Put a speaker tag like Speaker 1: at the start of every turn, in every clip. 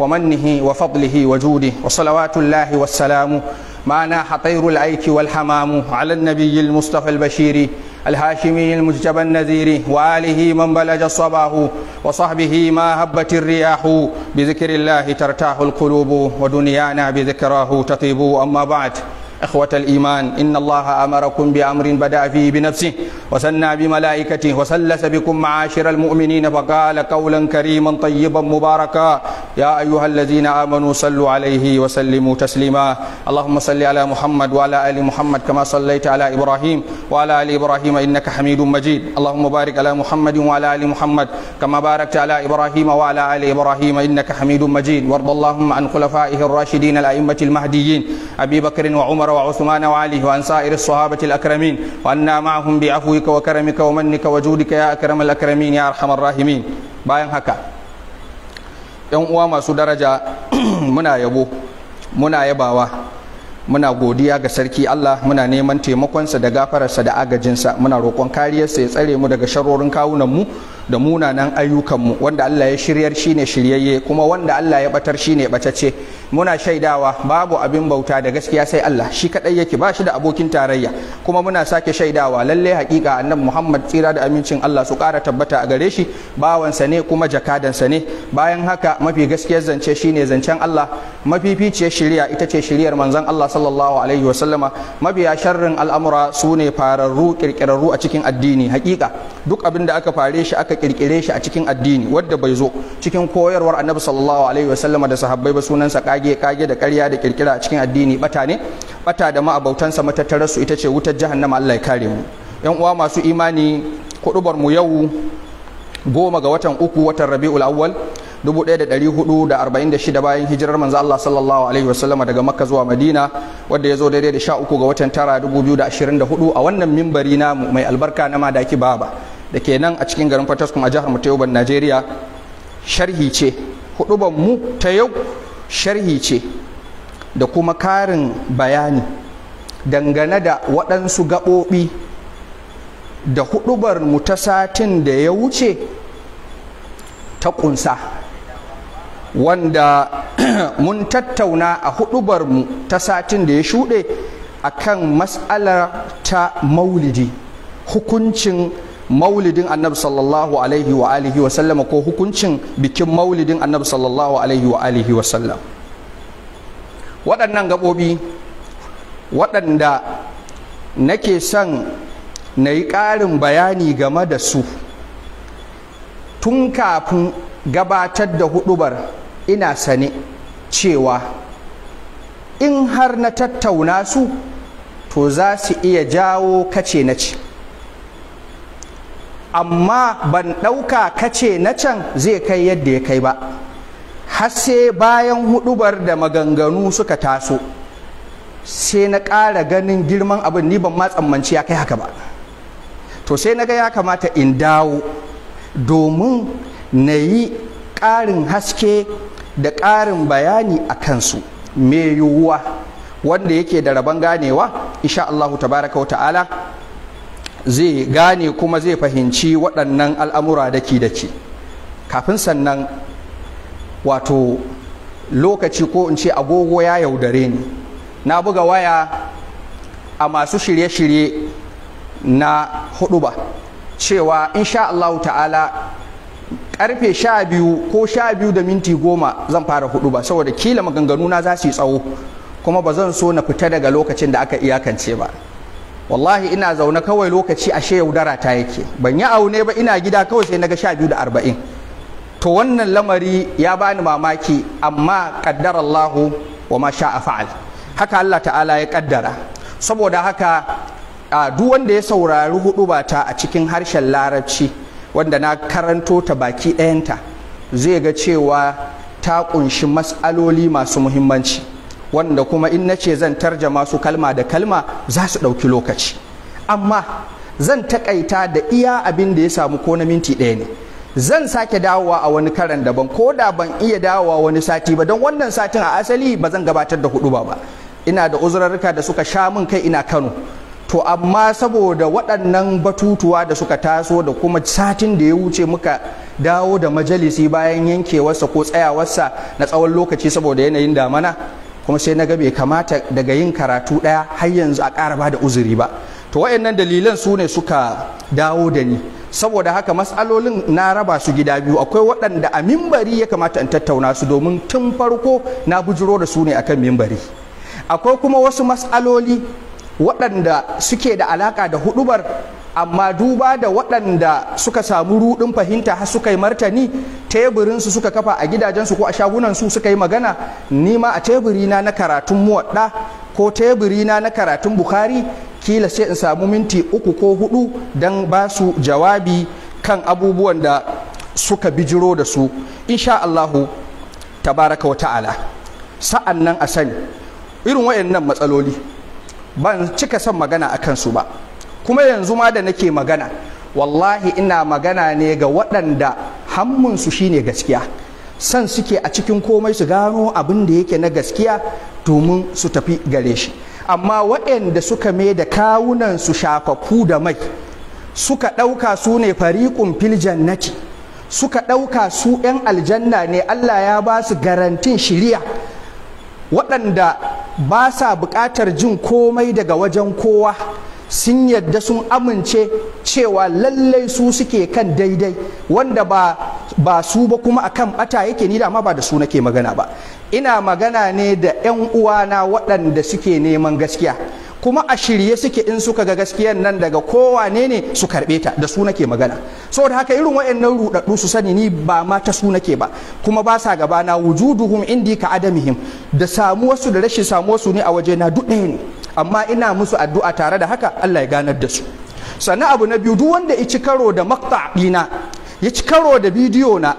Speaker 1: ومنه وفضله وجوده وصلوات الله والسلام ما ناح طير الايك والحمام على النبي المصطفى البشير الهاشمي المجتبى النذير وآله من بلج الصباح وصحبه ما هبت الرياح بذكر الله ترتاح القلوب ودنيانا بذكراه تطيب أما بعد إخوة الإيمان إن الله أمركم بأمر بدأ فيه بنفسه وسنى بملائكته وسلس بكم معاشر المؤمنين فقال قولا كريما طيبا مباركا يا أيها الذين آمنوا صلوا عليه وسلموا تسليما اللهم صل على محمد وعلى آل محمد كما صليت على إبراهيم وعلى آل إبراهيم إنك حميد مجيد اللهم بارك على محمد وعلى آل محمد كما باركت على إبراهيم وعلى آل إبراهيم إنك حميد مجيد وارض اللهم عن خلفائه الراشدين الأئمة المهديين أبي بكر وعمر عمر وعثمان وعلي وعن سائر الصحابة الأكرمين وأنا معهم بعفوك وكرمك ومنك وجودك يا أكرم الأكرمين يا أرحم الراحمين bayan haka yan uwa masu daraja muna yabo muna yabawa muna godiya ga sarki Allah muna neman taimakonsa da gafararsa da agajinsa muna roƙon kariyarsa ya tsare mu daga sharorin kawunan mu da munanan ayyukanmu wanda Allah ya shiryar shine shiryayye kuma wanda Allah ya batar shine batacce muna shaidawa babu abin bauta da gaskiya sai Allah shi kadai yake ba shi da abokin tarayya kuma muna sake shaidawa lalle hakika annabi Muhammad tsira da amincin Allah su kara tabbata a gare shi bawansa ne kuma jakadansa ne bayan haka mafi gaskiyar zance shine zancen Allah fice shari'a ita ce shari'ar manzon Allah sallallahu alaihi wa sallama mabiya sharrin al'amura sune fararru kirkirarru a cikin addini hakika duk abin da aka fare shi aka kirkire shi a cikin addini wadda bai zo cikin koyarwar annabi sallallahu alaihi wa sallama da sahabbai ba sunansa kage kage da ƙarya da kirkira a cikin addini bata ne bata da ma'abautansa matattarar su ita ce wutar jahannama Allah ya kare mu yan uwa masu imani kudubar mu yau goma ga watan uku watan rabi'ul awwal 1446 bayan hijirar manzo Allah sallallahu alaihi wasallama daga Makka zuwa Madina wanda ya zo daidai da 13 ga watan tara 2024 a wannan mimbari na mai albarka na Madaki Baba da ke nan a cikin garin Fataskun a jihar Mutayoban Najeriya sharhi ce hudubar mu ta yau sharhi ce da kuma karin bayani dangane da waɗansu gaɓoɓi da hudubar mu ta satin da ya wuce ta ƙunsa wanda mun tattauna a hudubar mu ta satin da ya shuɗe kan matsalar ta maulidi hukuncin maulidin annabi sallallahu alaihi wa alihi wa sallama ko hukuncin bikin maulidin annabi sallallahu alaihi wa alihi wa sallam waɗannan gaɓoɓi waɗanda nake son na yi ƙarin bayani game da su tun kafin gabatar da huɗubar ina sane cewa in har na tattauna su to za su iya jawo kace na ce amma ban ɗauka kace na can zai kai yadda ya kai ba har sai bayan hudubar da maganganu suka taso sai na ƙara ganin girman abin ni ban ma tsammanci ya kai haka ba to sai na ga ya kamata in dawo domin na yi ƙarin haske da ƙarin bayani a kansu mai yiwuwa wanda yake da rabon ganewa insha Allahu tabaraka wa ta'ala zai gane kuma zai fahimci waɗannan al'amura daki-daki kafin sannan wato lokaci ko in ce agogo ya yaudare ni na buga waya a masu shirye-shirye na hudu ba cewa insha Allah ta'ala karfe sha biyu ko sha biyu da minti goma zan fara hudu ba saboda kila maganganu na za su yi tsawo kuma ba zan so na fita daga lokacin da aka iyakance ba wallahi ina zaune kawai lokaci ashe yaudara ta yake ban yi aune ba ina gida kawai sai naga sha biyu da arba'in to wannan lamari ya bani mamaki amma kaddar Allahu wa ma a fa'al haka Allah ta'ala ya kaddara saboda haka A duk wanda ya saurari hudu ta a cikin harshen larabci wanda na karanto ta baki ɗayanta zai ga cewa ta ƙunshi matsaloli masu muhimmanci wanda kuma in na ce zan tarjama su kalma da kalma za su ɗauki lokaci amma zan taƙaita da iya abin da ya samu ko na minti ɗaya ne zan sake dawowa a wani karan daban ko da ban iya dawowa wani sati ba don wannan satin a asali ba zan gabatar da hudu ba ba ina da uzurarruka da suka sha min kai ina kano to amma saboda waɗannan batutuwa da suka taso da kuma satin da ya wuce muka dawo da majalisi bayan yankewarsa ko tsayawarsa na tsawon lokaci saboda yanayin damana kuma sai na ga bai kamata daga yin karatu ɗaya har yanzu a ƙara ba da uzuri ba to wayannan dalilan su ne suka dawo da ni saboda haka matsalolin na raba su gida biyu akwai waɗanda a mimbari ya kamata in tattauna su domin tun farko na bujiro da su ne akan mimbari akwai kuma wasu matsaloli waɗanda suke da alaƙa da huɗubar. amma duba da waɗanda suka samu ruɗin fahimta har suka yi martani teburinsu suka kafa a gidajensu ko a shagunansu suka yi magana nima a teburina na karatun muwaɗa ko teburina na karatun bukhari kila sai in samu minti uku ko hudu don ba su jawabi kan abubuwan da suka bijiro da su insha ta baraka wa ta'ala sa'an nan a sani irin waɗannan matsaloli ban cika son magana a kansu ba kuma yanzu ma da nake magana wallahi ina magana ne ga waɗanda hammunsu shine gaskiya san suke a cikin komai su gano abin da yake na gaskiya domin su tafi gare shi amma waɗanda suka mai da kawunan su shafafu da mai suka ɗauka su ne fariƙun filjannati jannati suka ɗauka su 'yan aljanna ne Allah ya ba su garantin shiriya waɗanda ba sa buƙatar jin komai daga wajen kowa sun yadda sun amince cewa lallai su suke kan daidai wanda ba ba su ba kuma akan bata yake ni dama ba da su nake magana ba ina magana ne da 'yan uwana waɗanda suke neman gaskiya kuma a shirye suke in suka ga gaskiyar nan daga kowane ne su karɓe ta da su nake magana saboda haka irin waɗannan ruɗaɗɗu su sani ni ba ma ta su nake ba kuma ba sa gaba na wujuduhum indi ka adamihim da su da rashin su ne a waje na duk ɗaya ne amma ina musu addu'a tare da haka Allah ya ganar da su sannan abu na biyu duk wanda ya ci karo da makta ya ci karo da bidiyo na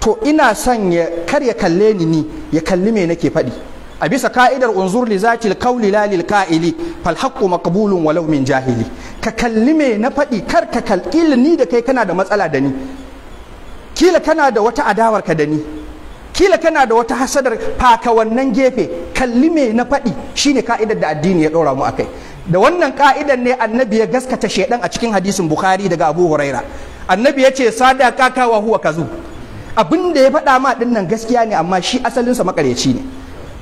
Speaker 1: to ina son ya kar ya kalle ni ni ya kalli me nake faɗi a bisa ka'idar unzur li zati alqawli la lil qa'ili fal haqqu maqbulun walau min jahili ka kalli me na faɗi kar ka kalli ni da kai kana da matsala da ni kila kana da wata adawar ka da ni kila kana da wata hasadar faka wannan gefe kalli me na faɗi shine ka'idar da addini ya ɗora mu akai da wannan ka'idar ne annabi ya gaskata shaidan a cikin hadisin bukhari daga abu huraira annabi ya ce sadaka ka huwa kazu abin da ya faɗa ma dinnan gaskiya ne amma shi asalinsa makareci ne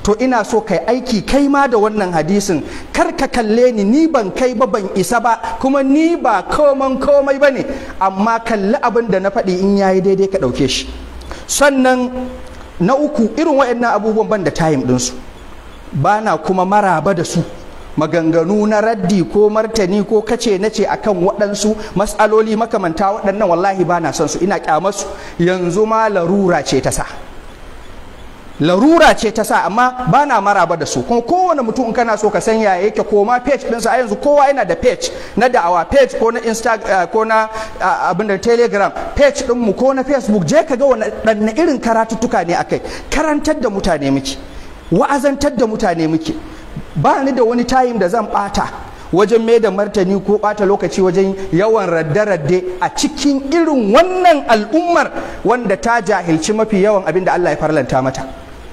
Speaker 1: to ina so kai aiki kai ma da wannan hadisin kar ka kalle ni ni ban kai ba ban isa ba kuma ni ba koman komai ba ne amma kalli abin da na faɗi in yayi daidai ka ɗauke shi sannan na uku irin waɗannan abubuwan ban da tayim ɗinsu ba na kuma maraba da su maganganu na raddi ko martani ko kace na ce akan waɗansu matsaloli makamanta waɗannan wallahi ba na son su ina su yanzu ma larura ce ta sa larura ce ta sa amma ba na maraba da su kuma kowane mutum in kana so ka san yaya yake ko ma page ɗinsa a yanzu kowa yana da page na da'awa page ko na instagram eh, ko na eh, abin telegram page ɗinmu ko na facebook je ka ga wani irin karatuttuka ne akai karantar da mutane miki wa'azantar da mutane muke ba ni da wani tayin da zan bata wajen mai da martani ko bata lokaci wajen yawan radde-radde a cikin irin wannan al'ummar wanda ta jahilci mafi yawan abin da Allah ya farlanta mata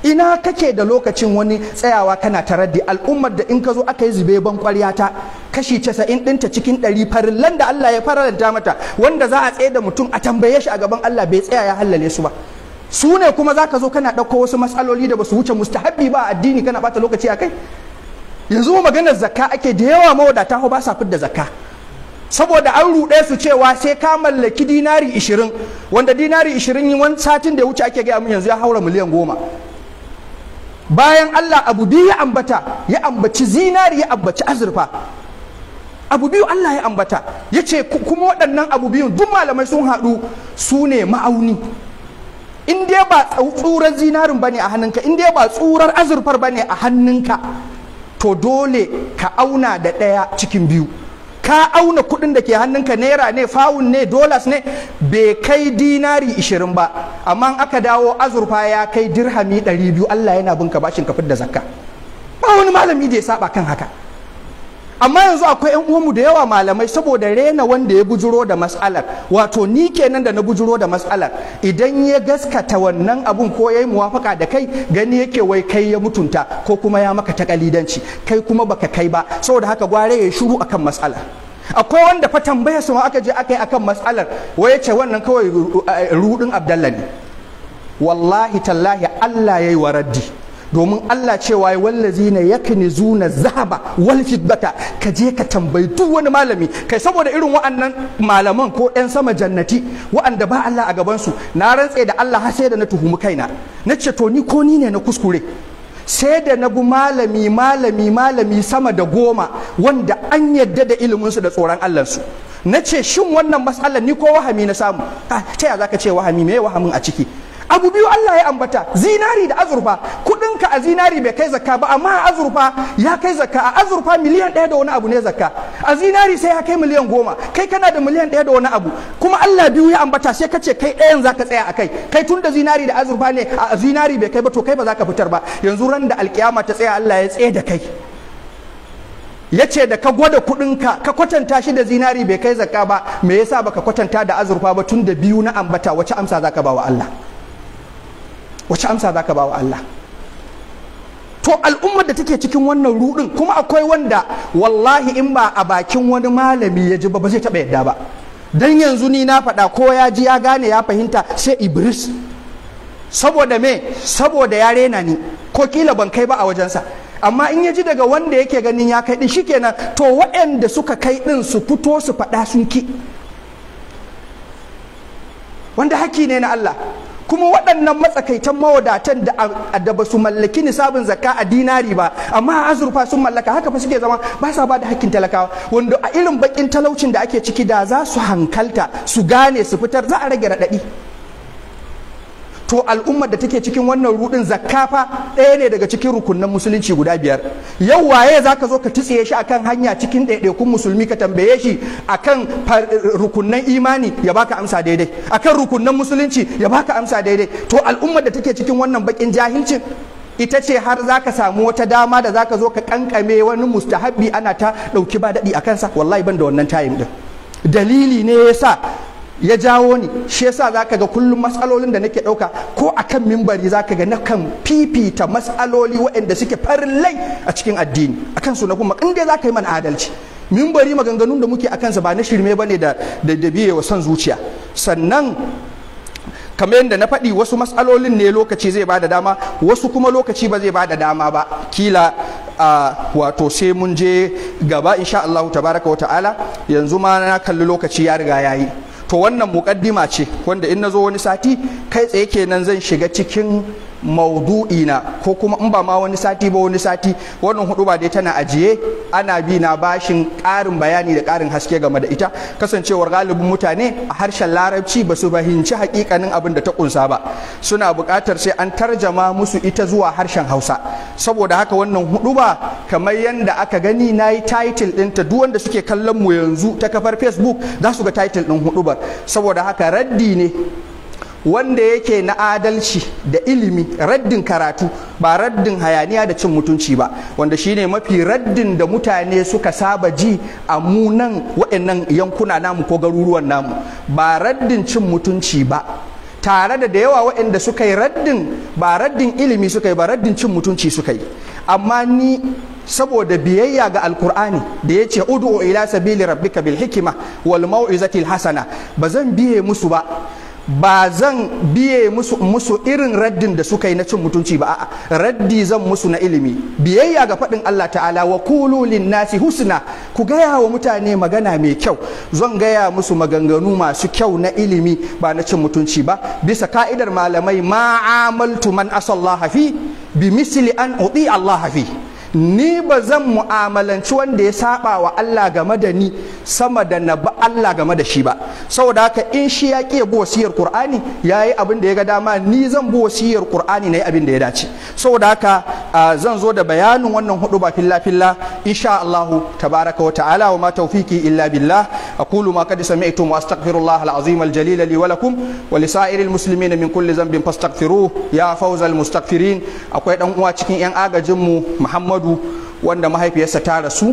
Speaker 1: ina kake da lokacin wani tsayawa kana ta raddi al'ummar da in ka zo aka yi zube ban ta kashi casa'in ɗinta cikin ɗari farillan da Allah ya farlanta mata wanda za a tsaye da mutum a tambaye shi a gaban Allah bai tsaya ya hallale su ba su ne kuma za ka zo kana ɗauko wasu matsaloli da ba su wuce mustahabbi ba addini kana bata lokaci a kai yanzu maganar zakka ake da yawa mawadata ba sa fidda zakka saboda an ruɗe su cewa sai ka mallaki dinari ishirin wanda dinari ishirin yi wani satin da ya wuce ake gaya min yanzu ya haura miliyan goma bayan Allah abu biyu ya ambata ya ambaci zinari ya ambaci azurfa abu biyu Allah ya ambata ya ce kuma waɗannan abu biyun duk malamai sun haɗu su ne ma'auni in dai ba tsurar zinarin ne a hannunka in dai ba tsurar azurfar ba ne a hannunka to dole ka auna da ɗaya cikin biyu ka auna kuɗin da ke hannunka naira ne fawun ne dolas ne bai kai dinari ishirin ba amma aka dawo azurfa ya kai dirhami ɗari biyu Allah yana bin ka bashin ka fidda zakka ba wani malami da ya saba kan haka amma yanzu akwai yan uwanmu da yawa malamai saboda rena wanda ya bujuro da matsalar wato ni kenan da na bujuro da matsalar idan ya gaskata wannan abun ko yayi muwafaka da kai gani yake wai kai ya mutunta ko kuma ya maka kalidanci kai kuma baka kai ba saboda haka gware ya shiru akan mas'alar akwai wanda fa tambaya su ma aka je aka yi akan matsalar wai ce wannan kawai rudin abdallah ne wallahi tallahi Allah ya yi wa domin Allah cewa ya wallazina zuna zahaba wal bata ka je ka tambayi duk wani malami kai saboda irin wa'annan malaman ko yan sama jannati wa'anda ba Allah a gabansu na rantse da Allah har sai da na tuhumi kaina na ce to ni ko ni ne na kuskure sai da na bu malami malami malami sama da goma wanda an yadda da iliminsu da tsoron Allahnsu na ce shin wannan matsalar ni ko wahami na samu ah, ta ya zaka ce wahami me wahamin a ciki abu biyu Allah ya ambata zinari da azurfa ka a zinari bai kai zakka ba amma a azurfa ya kai zakka a azurfa miliyan ɗaya da wani abu ne zakka a zinari sai ya kai miliyan goma kai kana da miliyan ɗaya da wani abu kuma Allah biyu ya ambata sai ka ce kai ɗayan zaka tsaya a kai kai tun da zinari da azurfa ne a zinari bai kai ba to kai ba za ka fitar ba yanzu ran da alkiyama ta tsaya Allah ya tsaye da kai ya ce da ka gwada kuɗinka ka kwatanta shi da zinari bai kai zakka ba me yasa baka kwatanta da azurfa ba tun da biyu na ambata wace amsa zaka ba wa Allah wace amsa zaka ba wa Allah to al'ummar da take cikin wannan ruɗin kuma akwai wanda wallahi in ba a bakin wani malami ya ji ba zai taɓa yadda ba Don yanzu ni na faɗa ko ya ji ya gane ya fahimta sai ibris saboda me saboda ya rena ni ko kila ban kai ba a wajensa amma in ya ji daga wanda yake ganin ya kai din shikenan to waɗanda suka kai ɗin su fito su faɗa sun ki wanda haki ne na Allah kuma waɗannan matsakaitan mawadatan da ba su mallaki nisabin zakka a dinari ba amma a azurfa sun mallaka haka fa suke zama ba sa ba da hakkin talakawa wanda a irin bakin talaucin da ake ciki da za su hankalta su gane su fitar za a rage raɗaɗi to al'ummar da take cikin wannan rudin zakafa ɗaya ne daga cikin rukunnan musulunci guda biyar yau waye za ka zo ka titsiye shi akan hanya cikin ɗaiɗaikun musulmi ka tambaye shi akan rukunnan imani ya baka amsa daidai akan rukunnan musulunci ya baka amsa daidai to al'ummar da take cikin wannan bakin jahilcin ita ce har za ka samu wata dama da za ka zo ka kankame wani mustahabbi ana ta ɗauki ba daɗi a kansa wallahi ban da wannan tayin ɗin dalili ne ya sa ya jawo ni shi yasa zaka ga kullum matsalolin da nake dauka ko akan mimbari zaka ga nakan fifita matsaloli waɗanda suke lai a cikin addini akan su na kuma in dai zaka yi mana adalci mimbari maganganun da muke akan kansa ba na shirme bane da da dabiye wa son zuciya sannan kamar yadda na faɗi wasu matsalolin ne lokaci zai ba da dama wasu kuma lokaci ba zai bada dama ba kila a wato sai mun je gaba insha Allah tabaraka wa ta'ala yanzu ma na kalli lokaci ya riga yayi to wannan muƙaddima ce wanda in na zo wani sati kai tsaye kenan zan shiga cikin maudu'ina ko kuma in ba ma wani sati ba wani sati wannan hudu ba dai tana ajiye ana bi na bashin karin bayani da karin haske game da ita kasancewar galibin mutane a harshen larabci ba su fahimci hakikanin abin da ta kunsa ba suna bukatar sai an tarjama musu ita zuwa harshen hausa saboda haka wannan hudu ba kamar yadda aka gani na yi title ɗinta duk wanda suke kallon mu yanzu ta kafar facebook za su ga title din hudu ba saboda haka raddi ne wanda yake na adalci da ilimi raddin karatu ba raddin hayaniya da cin mutunci ba wanda shine mafi raddin da mutane suka saba ji a munan waɗannan yankuna namu ko garuruwan namu ba raddin cin mutunci ba tare da da yawa waɗanda suka yi raddin ba raddin ilimi suka yi ba raddin cin mutunci suka yi amma ni saboda biyayya ga alkur'ani da ya ce udu'u ila sabili rabbika bil hikima wal mau'izatil hasana ba zan biye musu ba ba zan biye musu, musu irin raddin da suka yi na cin mutunci ba a'a raddi zan musu na ilimi biyayya ga faɗin Allah ta'ala wa kululin nasi husna ku gaya wa mutane magana mai kyau zan gaya musu maganganu masu kyau na ilimi ba na cin mutunci ba bisa ka'idar malamai ma'amaltu man asallaha fi bi misli an uti Allah fi ni ba zan mu'amalanci wanda ya saba wa Allah game da ni sama da na ba Allah game da shi ba saboda haka in shi ya ƙi bi wasiyar Qur'ani yayi abin da ya ga dama ni zan bi wasiyar Qur'ani nayi abin da ya dace saboda haka zan zo da bayanin wannan hudu ba filla filla insha Allah tabaraka wa ta'ala wa ma tawfiki illa billah أقول ما قد سمعتم وأستغفر الله العظيم الجليل لي ولكم ولسائر المسلمين من كل ذنب فاستغفروه يا فوز المستغفرين أقول أن أواتكين أن أغجم محمد وأن ما هي بيسة تارسو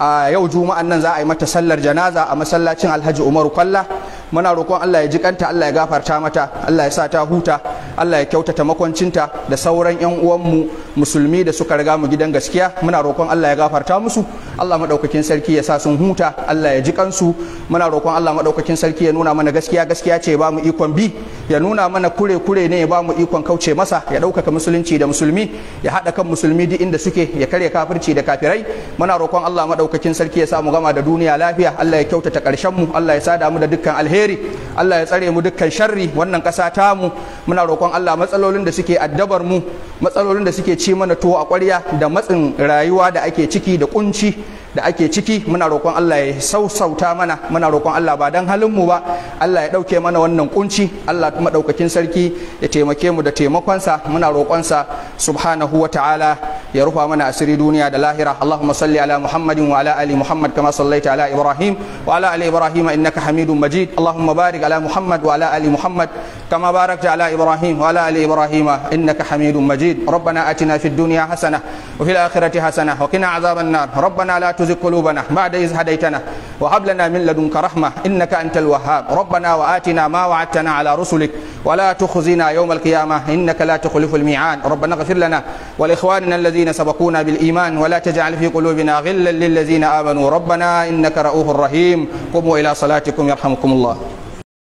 Speaker 1: a yau juma'an nan za a yi mata sallar janaza a masallacin alhaji umaru kwalla muna roƙon allah ya ji kanta allah ya gafarta mata allah ya sa ta huta Allah ya kyautata makwancinta da sauran yan uwanmu musulmi da suka riga mu gidan gaskiya muna roƙon Allah ya gafarta musu Allah maɗaukakin sarki ya sa sun huta Allah ya ji kansu muna roƙon Allah maɗaukakin sarki ya nuna mana gaskiya gaskiya ce ba mu ikon bi ya nuna mana kure kure ne ya ba mu ikon kauce masa ya ɗaukaka musulunci da musulmi ya haɗa kan musulmi duk inda suke ya karya kafirci da kafirai muna roƙon Allah maɗaukakin sarki ya sa mu gama da duniya lafiya Allah ya kyautata ƙarshenmu. mu Allah ya sada mu da dukkan alheri Allah ya tsare mu dukkan sharri wannan ƙasa tamu muna roƙon Allah matsalolin da suke addabar mu matsalolin da suke ci mana tuwo a ƙwarya da matsin rayuwa da ake ciki da kunci da ake ciki muna roƙon Allah ya sausauta mana muna roƙon Allah ba dan halin mu ba Allah ya ɗauke mana wannan kunci Allah kuma sarki ya taimake mu da taimakonsa muna roƙonsa subhanahu wa ta'ala يا رب أمنا أسري دنيا دلاهرة اللهم صل على محمد وعلى آل محمد كما صليت على إبراهيم وعلى آل إبراهيم إنك حميد مجيد اللهم بارك على محمد وعلى آل محمد كما باركت على إبراهيم وعلى آل إبراهيم إنك حميد مجيد ربنا آتنا في الدنيا حسنة وفي الآخرة حسنة وقنا عذاب النار ربنا لا تزغ قلوبنا بعد إذ هديتنا وهب لنا من لدنك رحمة إنك أنت الوهاب ربنا وآتنا ما وعدتنا على رسلك ولا تخزنا يوم القيامة إنك لا تخلف الميعاد ربنا اغفر لنا ولإخواننا الذين سبقونا بالإيمان ولا تجعل في قلوبنا غلا للذين آمنوا ربنا إنك رؤوف رحيم قوموا إلى صلاتكم يرحمكم الله